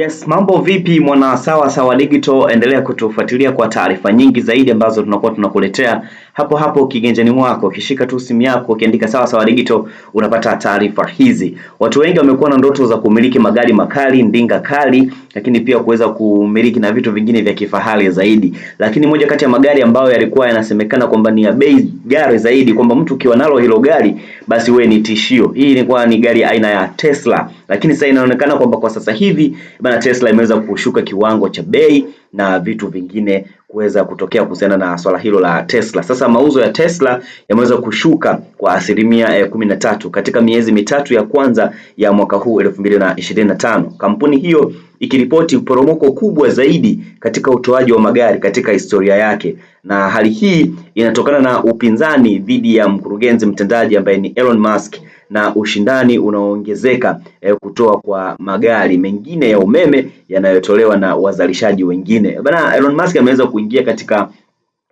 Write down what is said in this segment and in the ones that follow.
Yes, mambo vipi mwana sawa sawa digital, endelea kutufuatilia kwa taarifa nyingi zaidi ambazo tunakuwa tunakuletea hapo hapo kiganjani mwako, ukishika tu simu yako ukiandika sawa sawa digital, unapata taarifa hizi. Watu wengi wamekuwa na ndoto za kumiliki magari makali, ndinga kali, lakini pia kuweza kumiliki na vitu vingine vya kifahari zaidi. Lakini moja kati ya magari ambayo yalikuwa yanasemekana kwamba ni ya bei gari zaidi, kwamba mtu ukiwa nalo hilo gari basi we ni tishio. Hii ilikuwa ni gari aina ya Tesla, lakini sasa inaonekana kwamba kwa sasa hivi bana Tesla imeweza kushuka kiwango cha bei na vitu vingine kuweza kutokea kuhusiana na swala hilo la Tesla. Sasa mauzo ya Tesla yameweza kushuka kwa asilimia eh, kumi na tatu katika miezi mitatu ya kwanza ya mwaka huu elfu mbili na ishirini na tano kampuni hiyo ikiripoti poromoko kubwa zaidi katika utoaji wa magari katika historia yake, na hali hii inatokana na upinzani dhidi ya mkurugenzi mtendaji ambaye ni Elon Musk na ushindani unaoongezeka eh, kutoa kwa magari mengine ya umeme yanayotolewa na wazalishaji wengine. Bana, Elon Musk ameweza kuingia katika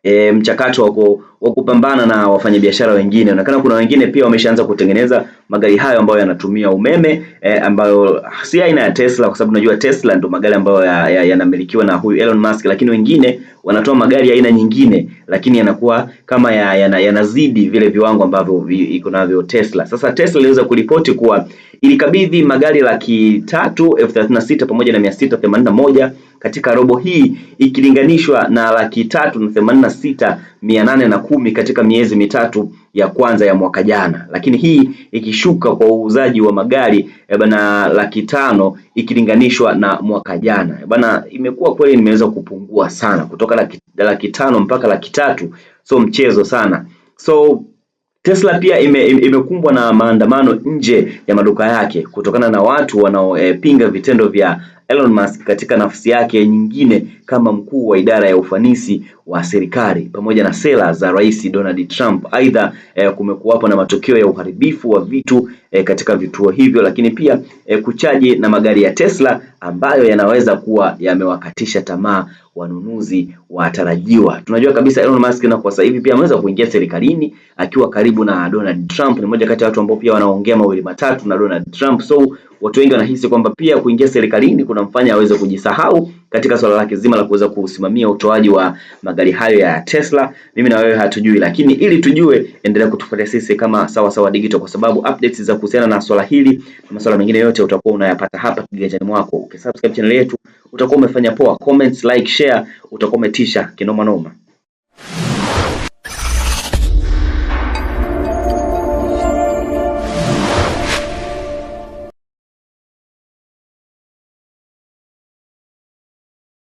e, mchakato wa kupambana na wafanyabiashara wengine. Inaonekana kuna wengine pia wameshaanza kutengeneza magari hayo ambayo yanatumia umeme e, ambayo si aina ya Tesla, kwa sababu unajua Tesla ndio magari ambayo yanamilikiwa ya, ya na huyu Elon Musk, lakini wengine wanatoa magari aina nyingine, lakini yanakuwa kama yanazidi ya, ya vile viwango ambavyo iko navyo Tesla. Sasa Tesla iliweza kuripoti kuwa ilikabidhi magari laki tatu elfu thelathini na sita pamoja na mia sita themanini na moja katika robo hii ikilinganishwa na laki tatu na themanini na sita mia nane na kumi katika miezi mitatu ya kwanza ya mwaka jana, lakini hii ikishuka kwa uuzaji wa magari eh, bana laki tano ikilinganishwa na mwaka jana eh, bana, imekuwa kweli nimeweza kupungua sana kutoka laki, laki tano mpaka laki tatu, so mchezo sana so Tesla pia imekumbwa ime na maandamano nje ya maduka yake kutokana na watu wanaopinga eh, vitendo vya Elon Musk katika nafasi yake nyingine kama mkuu wa idara ya ufanisi wa serikali pamoja na sera za Rais Donald Trump. Aidha, eh, kumekuwapo na matokeo ya uharibifu wa vitu eh, katika vituo hivyo, lakini pia eh, kuchaji na magari ya Tesla ambayo yanaweza kuwa yamewakatisha tamaa wanunuzi watarajiwa. Tunajua kabisa Elon Musk na kwa sasa hivi pia ameweza kuingia serikalini akiwa karibu na Donald Trump. Ni mmoja kati ya watu ambao pia wanaongea mawili matatu na Donald Trump so watu wengi wanahisi kwamba pia kuingia serikalini kunamfanya aweze kujisahau katika swala lake zima la kuweza kusimamia utoaji wa magari hayo ya Tesla. Mimi na wewe hatujui, lakini ili tujue, endelea kutufuatia sisi kama Sawa Sawa Digital, kwa sababu updates za kuhusiana na swala hili na masuala mengine yote utakuwa unayapata hapa kiganjani mwako. Ukisubscribe channel yetu utakuwa umefanya poa. Comments, like, share utakuwa umetisha kinoma noma.